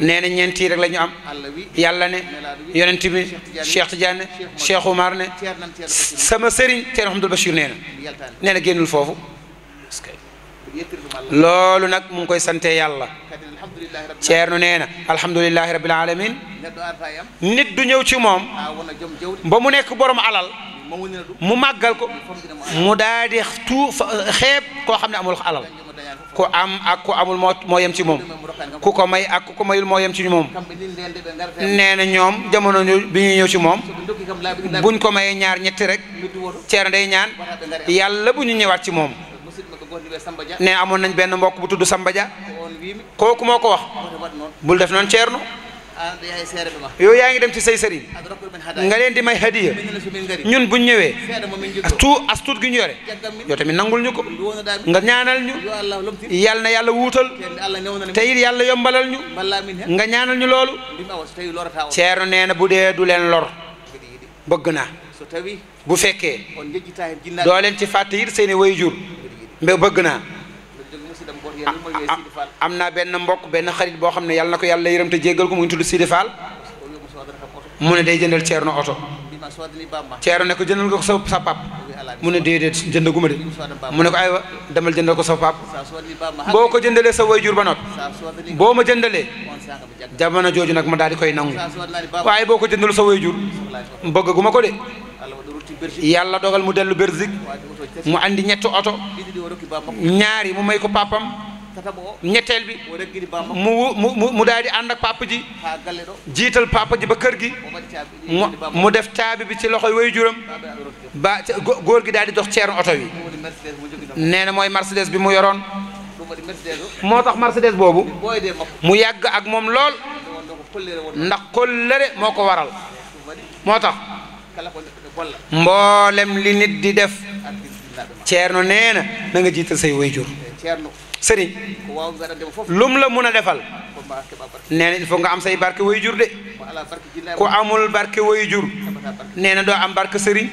nee na ñeenti rek la ñu am yàlla ne yonent bi Cheikh Tidiane Cheikh Oumar ne sama sëriñ Thierno Hamdoul Bachir nee na nee foofu loolu nag mu ngi koy sante yàlla Thierno nee na alhamdulilahi rabbil alamin nit du ñëw ci moom ah, ba mu nekk borom alal mu màggal ko mu daal di tuuf xeeb xam ne amul alal ku am ak ku amul moo yem ci moom ku ko may ak ku ko mayul moo yem ci moom nee na ñoom jamono bi ñuy ñëw ci moom buñ ko mayee ñaar ñetti rek ceer day ñaan yàlla bu ñu ñëwaat ci moom ne amoon nañ benn mbokk bu tudd Samba Dia kooku moo ko wax bul def noonu ceerno yow yaa ngi dem ci say sëriñ nga leen di may hadiya ñun buñ ñëwee tout astut tuut gi ñu yore yow tamit nangul ñu ko nga ñaanal ñu yàlla na yàlla wuutal te it yàlla yombalal ñu nga ñaanal ñu loolu ceerno nee na bu dee du leen lor bëgg naa bu fekkee doo leen ci fàtte it seeni way jur mbé bëgg naa Ah, ah, ah, am naa benn mbokk benn xarit boo xam ne yàlla na ko yàlla yërëm te jéggal ko mu ngi tudd Sidi Fall mu ne day jëndal ceerno oto ceerno ne ko jëndal nga ko sa sa pap mu ne déedéet de mu ne ko aywa demal jëndal ko sa pap boo ko jëndalee sa way jur ba not boo ma jëndalee jamono jooju nag ma daal di koy nangu waaye boo ko jëndal sa way jur bëggaguma ko de yàlla dogal mu dellu Belgique mu andi ñetti oto ñaari mu may ko papam ñetteel bi mu mu mu daal di ànd papa ji jiital papa ji ba kër gi mu def caabi bi ci loxo loxoy waajuram ba góor gi daal di dox ceeru oto wi nee na mooy Mercedes bi mu yoroon moo tax Mercedes boobu mu yàgg ak moom lool ndax kóllëre moo ko waral moo tax. mboolem li nit di def ceerno nee na na jiital say wayjur eh, sëriñ lum la mun a defal nee na il nga am say barke wayjur de ku amul barke wayjur nee na doo am barke sëriñ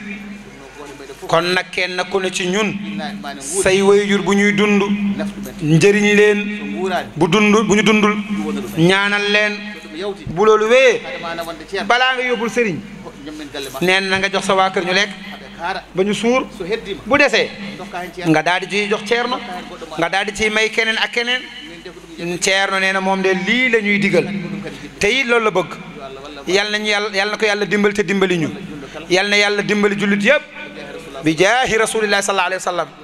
kon nag kenn ku ne ci ñun say wayjur bu ñuy dund njëriñ leen bu dund bu ñu dundul ñaanal leen bu loolu wéyee balaa nga yóbbul sëriñ nee na nga jox sa waa kër ñu lekk ba ñu suur bu desee nga daal di ciy jox ceerno nga daal di ciy may keneen ak keneen ceerno nee na moom de lii la ñuy digal te it loolu la bëgg yal nañu yàlla yal na ko yàlla dimbali te dimbali ñu yal na yàlla dimbali jullit yëpp bi jaahi rasulillahi sallallahu alayhi wa